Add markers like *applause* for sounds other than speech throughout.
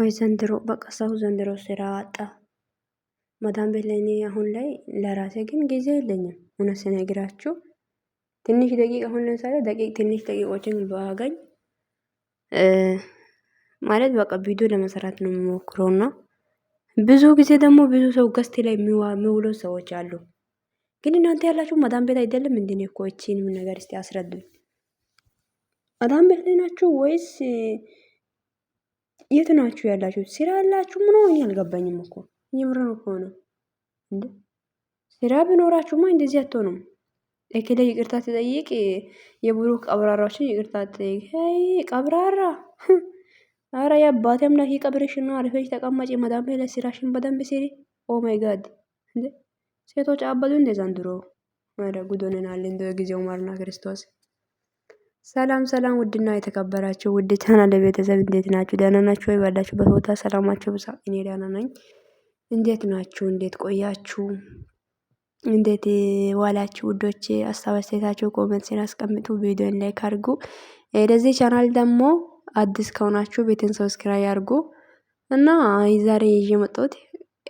ወይ ዘንድሮ በቃ ሰው ዘንድሮ ስራ አጣ መዳም ቤት አሁን ላይ ለራሴ ግን ጊዜ የለኝም። እውነት ስነግራችሁ ትንሽ ደቂቅ አሁን ለምሳሌ ደቂቅ ትንሽ ደቂቆችን ባገኝ ማለት በቃ ቪዲዮ ለመሰራት ነው የሚሞክረው የሚሞክረውና ብዙ ጊዜ ደግሞ ብዙ ሰው ገስት ላይ የሚውሉ ሰዎች አሉ። ግን እናንተ ያላችሁ መዳም ቤት አይደለም? እንድን እኮ ይቺንም ነገር እስቲ አስረዱኝ። መዳም ቤት ላይ ናችሁ ወይስ የት ናችሁ ያላችሁት? ስራ ያላችሁ ምን ሆን አልገባኝም እኮ የምር ነው ከሆነ እንዴ ስራ ቢኖራችሁማ እንደዚህ አትሆኑም። እከሌ ይቅርታ ትጠይቅ የብሩክ አብራራዎችን ይቅርታ ትጠይቅ። ይ ቀብራራ *laughs* አረ የአባቴ አምላክ ይቀብርሽ ነው። አርፈሽ ተቀመጭ መዳም ሄለ ስራሽን በደንብ ስሪ። ኦ ማይ ጋድ እንዴ ሴቶች አበዱ እንደ ዘንድሮ። ኧረ ጉዶነናል እንደ ጊዜው ማርና ክርስቶስ ሰላም ሰላም ውድና የተከበራችሁ ውድ ቻናል ቤተሰብ እንዴት ናችሁ? ደህና ናችሁ ወይ? ባላችሁበት ቦታ ሰላማችሁ ብዛ። እኔ ደህና ነኝ። እንዴት ናችሁ? እንዴት ቆያችሁ? እንዴት ዋላችሁ? ውዶች ሀሳብ አስተያየታችሁ ኮሜንት ስር አስቀምጡ፣ ቪዲዮን ላይክ አድርጉ። ለዚህ ቻናል ደግሞ አዲስ ከሆናችሁ ቤትን ሰብስክራይብ አድርጉ እና ዛሬ ይዤ መጣሁት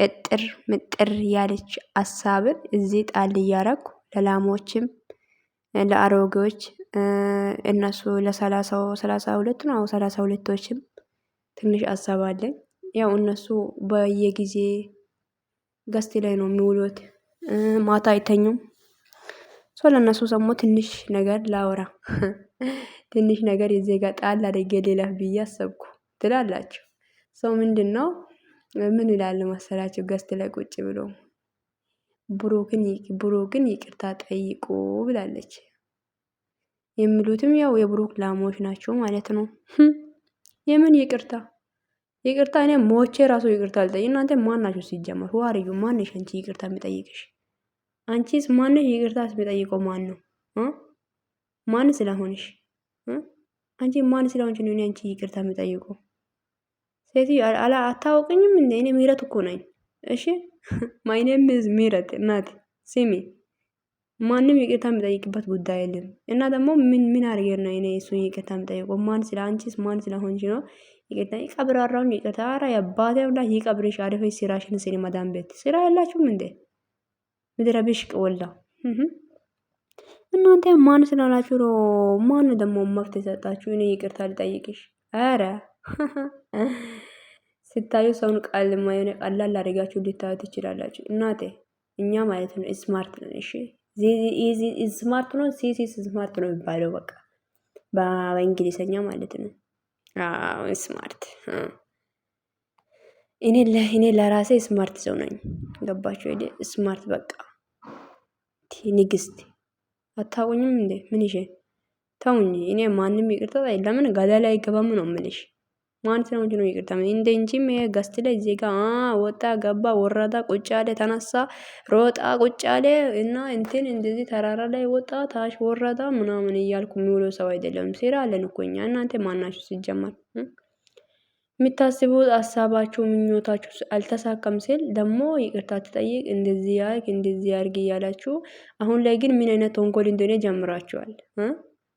እጥር ምጥር ያለች ሀሳብን እዚህ ጣል እያረኩ ለላሞችም ለአሮጌዎች እነሱ ለሰላሳው ሰላሳ ሁለቱ ነው። ሰላሳ ሁለቶችም ትንሽ አሳብ አለኝ። ያው እነሱ በየጊዜ ገስት ላይ ነው የሚውሉት ማታ አይተኙም። ሶ ለእነሱ ሰሞ ትንሽ ነገር ላወራ *laughs* ትንሽ ነገር የዜጋ ጣል አድርጌ ሌላ ብዬ አሰብኩ ትላላችሁ። ሰው ምንድነው ምን ይላል መሰላችሁ? ገስት ላይ ቁጭ ብሎ ብሩክን ብሩክን ይቅርታ ጠይቁ ብላለች። የሚሉትም ያው የብሩክ ላሞች ናቸው ማለት ነው። hm የምን ይቅርታ ይቅርታ? እኔ ሞቼ ራሱ ይቅርታ አልጠይቅ። እናንተ ማን ናቸው ሲጀመር? ዋርዩ ማንሽ? አንቺ ይቅርታ የሚጠይቅሽ አንቺስ ማንሽ? ይቅርታ የሚጠይቀው ማን ነው? ማን ስለሆንሽ አንቺ ማን ስለሆንሽ ነው አንቺ ይቅርታ የሚጠይቀው? ሴት አላ አታውቅኝም እንዴ? እኔ ምህረት እኮ ነኝ። እሺ ማይኔም ኔም ኢዝ ምህረት። እናት ስሚ ማንም ይቅርታ የሚጠይቅበት ጉዳይ የለም። እና ደግሞ ምን ምን አድርገን ነው እኔ እሱን ይቅርታ የሚጠይቁ? ማን ስለ አንቺስ ማን ስለሆንሽ ነው? ይቅርታ ይቀብራራውን ይቅርታ ራ የአባቴ አምላክ ይቀብርሽ። አደፈ ስራሽን ስል መዳን ቤት ስራ ያላችሁም እንዴ ብሽቅ ወላ እናንተ ማን ስላላችሁ ነው? ማን ደግሞ መፍት የሰጣችሁ እኔ ይቅርታ ልጠይቅሽ? አረ ስታዩ ሰውን ቃል ማየሆነ ቀላል አድርጋችሁ ልታዩ ትችላላችሁ። እናቴ እኛ ማለት ነው ስማርት ነን። እሺ ስማርት ነው ሲሲ ስማርት ነው የሚባለው በቃ በእንግሊዝኛ ማለት ነው። ስማርት እኔ ለራሴ ስማርት ሰው ነኝ። ገባችሁ? ስማርት በቃ ንግስት አታቁኝም እንዴ? ምን ይሽ ተውኝ። እኔ ማንም ይቅርታ ለምን ላይ አይገባም ነው ምንሽ ማለት ነው እንጂ ነው ይቅርታ እንደ እንጂ እንጂም ገስት ላይ ዜጋ ጋ ወጣ ገባ ወረዳ ቁጫለ አለ ተነሳ ሮጣ ቁጫለ እና እንትን እንደዚህ ተራራ ላይ ወጣ ታች ወረዳ ምናምን እያልኩ የሚውሎ ሰው አይደለም። ስራ አለን እኮ እኛ። እናንተ ማናችሁ ሲጀመር? የምታስቡት ሀሳባችሁ፣ ምኞታችሁ አልተሳካም ሲል ደግሞ ይቅርታ ትጠይቅ እንደዚህ ያርግ እንደዚህ ያርግ እያላችሁ አሁን ላይ ግን ምን አይነት ተንኮል እንደሆነ ጀምራችኋል።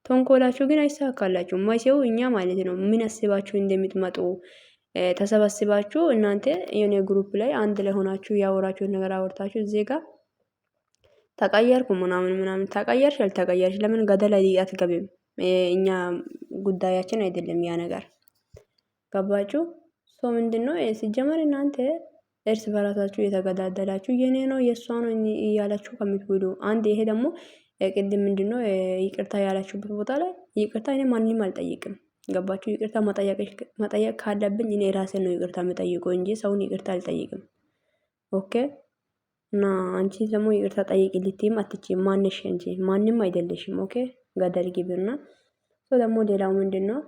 ተንኮላችሁ ግን አይሳካላችሁ። መቼው እኛ ማለት ነው ምን አስባችሁ እንደምትመጡ ተሰባስባችሁ እናንተ የሆነ ግሩፕ ላይ አንድ ላይ ሆናችሁ ያወራችሁን ነገር አወርታችሁ እዚህ ጋር ተቀየርኩ ምናምን ምናምን ተቀየርሽ አልተቀየርሽ ለምን ገደል አትገቢም? እኛ ጉዳያችን አይደለም ያ ነገር ገባችሁ? ሶ ምንድን ነው ሲጀመር እናንተ እርስ በራሳችሁ የተገዳደላችሁ የኔ ነው የእሷ ነው እያላችሁ ከምትብሉ አንድ ይሄ ደግሞ ቅድም ምንድነው ይቅርታ ያላችሁበት ቦታ ላይ ይቅርታ እኔ ማንም አልጠይቅም። ገባችሁ? ይቅርታ መጠየቅ ካለብኝ እኔ ራሴ ነው ይቅርታ የምጠይቀው እንጂ ሰውን ይቅርታ አልጠይቅም። ኦኬ እና አንቺ ደግሞ ይቅርታ ጠይቅ ልትይም አትች ማንሽ እንጂ ማንም አይደለሽም። ኦኬ ገደል ግብና ሰው ደግሞ ሌላው ምንድነው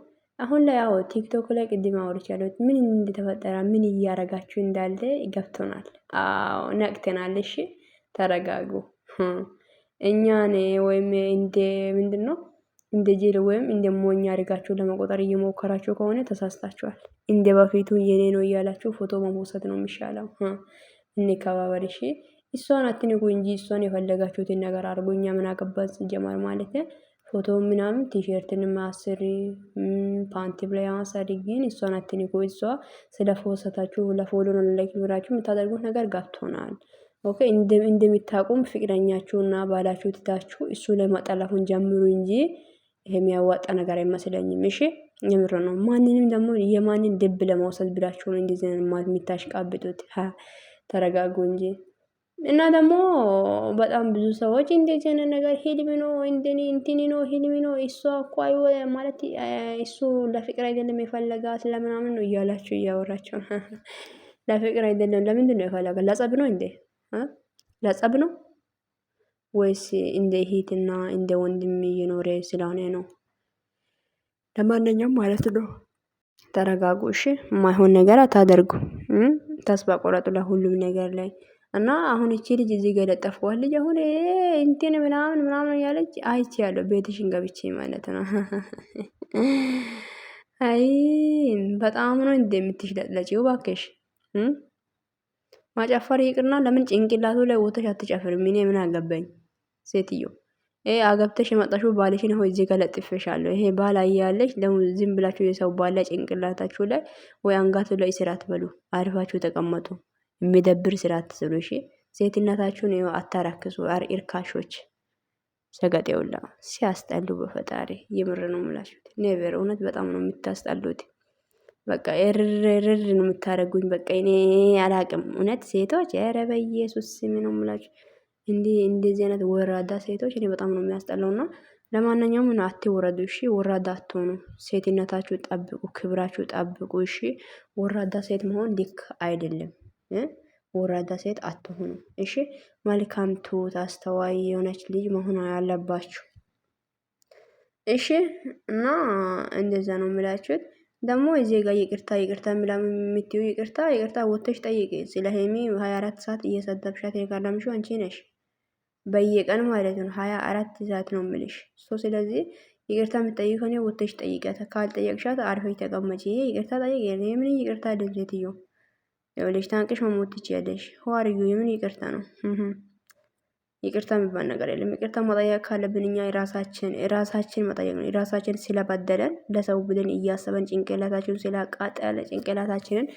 አሁን ላይ ያው ቲክቶክ ላይ ቅድም አውርች ያለት ምን እንደተፈጠረ ምን እያረጋችሁ እንዳለ ገብቶናል። አዎ ነቅተናል። እሺ ተረጋጉ። እኛ ነ ወይም እንደ ምንድን ነው እንደ ጅል ወይም እንደ ሞኝ አድርጋችሁ ለመቆጠር እየሞከራችሁ ከሆነ ተሳስታችኋል። እንደ በፊቱ የኔ ነው እያላችሁ ፎቶ መውሰድ ነው የሚሻለው። እንከባበር እሺ። እሷን አትንኩ እንጂ እሷን የፈለጋችሁትን ነገር አድርጉ። እኛ ምን አገባን ስንጀማር ማለት ፎቶ ምናምን ቲሸርትን ማስሪ ፓንቲ ብላ ማሳድ ግን እሷን አትንኩ። እሷ ስለ ፎሰታችሁ ለፎሎ ነው ላይክ ብላችሁ የምታደርጉት ነገር ጋብቶናል። ኦኬ እንደሚታቁም ፍቅረኛችሁና ባላችሁ ትታችሁ እሱ ለማጣላፉን ጀምሩ እንጂ ይሄ የሚያዋጣ ነገር አይመስለኝም። እሺ የምር ነው። ማንንም ደግሞ የማንን ድብ ለመውሰድ ብላችሁ ነው እንደዚህ ማለት የሚታሽቃብጡት። ተረጋጉ እንጂ እና ደግሞ በጣም ብዙ ሰዎች እንደዚህ አይነት ነገር ሂልም ነው እንደኔ እንትኒ ነው ሂልም ነው እሱ አቋይ ማለት እሱ ለፍቅር አይደለም የፈለጋ ስለምናምን ነው እያላችሁ እያወራችሁ *laughs* ለፍቅር አይደለም ለምንድን ነው የፈለጋት ለጸብ ነው እንዴ? ለጸብ ነው ወይስ እንደ እህትና እንደ ወንድም እየኖረ ስለሆነ ነው? ለማንኛውም ማለት ነው ተረጋጉ፣ እሺ። የማይሆን ነገር አታደርጉ። ተስፋ ቆረጡ ለሁሉም ነገር ላይ እና አሁን እቺ ልጅ እዚህ ጋር ለጠፈዋል። ልጅ አሁን እንትን ምናምን ምናምን ያለች አይቼ ያለው ቤትሽን ገብቼ ማለት ነው። *laughs* አይ በጣም ነው እንደምትሽ ለጭው ባከሽ ማጨፈር ይቅርና ለምን ጭንቅላቱ ላይ ወተሽ አትጨፍርም? ምን ምን አገባኝ። ሴትዮ ይሄ አገብተሽ የመጣሽው ባልሽን ሆይ እዚህ ጋር ለጥፌሻለሁ። ይሄ ባል አያለሽ። ዝም ብላችሁ የሰው ባል ላይ ጭንቅላታችሁ ላይ ወይ አንጋቱ ላይ ስራ አትበሉ። አርፋችሁ ተቀመጡ። የሚደብር ስራ አትስሩ። እሺ ሴትነታችሁን አታራክሱ። እርካሾች ሰገጤውላ ሲያስጠሉ በፈጣሪ የምር ነው የምላችሁት። ኔቨር እውነት በጣም ነው የምታስጠሉት። በቃ ርርርር ነው የምታደርጉኝ። በቃ እኔ አላቅም እውነት ሴቶች ኧረ በኢየሱስ ስም ነው የምላችሁ። እንዲህ እንደዚህ አይነት ወራዳ ሴቶች እኔ በጣም ነው የሚያስጠላውና ለማንኛውም ነው አትወረዱ፣ እሺ ወራዳ አትሆኑ። ሴትነታችሁ ጠብቁ፣ ክብራችሁ ጠብቁ፣ እሺ። ወራዳ ሴት መሆን ልክ አይደለም። ወራዳ ሴት አትሆኑ፣ እሺ። መልካም ትሁት፣ አስተዋይ የሆነች ልጅ መሆን ያለባችሁ፣ እሺ። እና እንደዛ ነው የምላችሁት። ደግሞ እዚህ ጋር ይቅርታ ይቅርታ ምላም የምትዩ ይቅርታ ይቅርታ ወጥተሽ ጠይቅ። ስለ ሄሚ 24 ሰዓት እየሰደብሻት የካላምሽ አንቺ ነሽ፣ በየቀን ማለት ነው 24 ሰዓት ነው ምልሽ ሶ ስለዚህ ይቅርታ የምትጠይቅ ሆነ ወጥተሽ ጠይቂያት። ካልጠየቅሻት አርፈሽ ተቀመጪ። ይሄ ይቅርታ ጠይቅ። የምን ይቅርታ ድርጅት እዩ ልጅ ታንቅሽ መሞት ትችያለሽ። ሆ አርዩ የምን ይቅርታ ነው? ይቅርታ የሚባል ነገር የለም። ይቅርታ መጠየቅ ካለብን እኛ የራሳችን የራሳችን መጠየቅ ነው። የራሳችን ስለበደለን ለሰው ብለን እያሰበን ጭንቅላታችን ስላቃጠለ ጭንቅላታችንን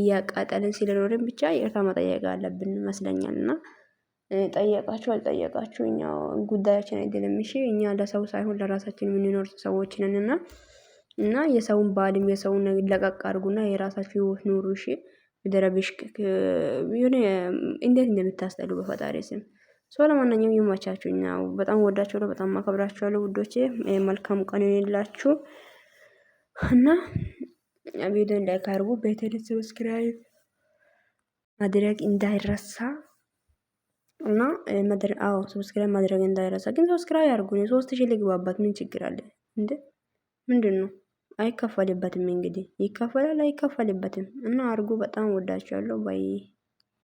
እያቃጠልን ስለኖርን ብቻ ይቅርታ መጠየቅ አለብን ይመስለኛል። እና ጠየቃችሁ አልጠየቃችሁ እኛ ጉዳያችን አይደለም። እሺ እኛ ለሰው ሳይሆን ለራሳችን የምንኖር ሰዎች ነን። እና እና የሰውን ባልም የሰውን ለቀቅ አድርጉና የራሳችሁ ህይወት ኑሩ። እሺ ደረብሽ ሆነ እንዴት እንደምታስጠሉ በፈጣሪ ስም ሰው ለማንኛውም ይመቻችሁ። እኛ በጣም ወዳችኋለሁ፣ በጣም ማከብራችኋለሁ ውዶቼ። መልካም ቀን ይሁንላችሁ እና ቪዲዮ እንዳይካርቡ ቤተልሔም ሰብስክራይብ ማድረግ እንዳይረሳ እና መድረ አዎ ሰብስክራይብ ማድረግ እንዳይረሳ። ግን ሰብስክራይብ አድርጉኝ። ሶስት ሺህ ልግባባት ምን ችግር አለ እንዴ? ምንድን ነው? አይከፈልበትም። እንግዲህ ይከፈላል አይከፈልበትም እና አርጉ። በጣም ወዳችኋለሁ ባይ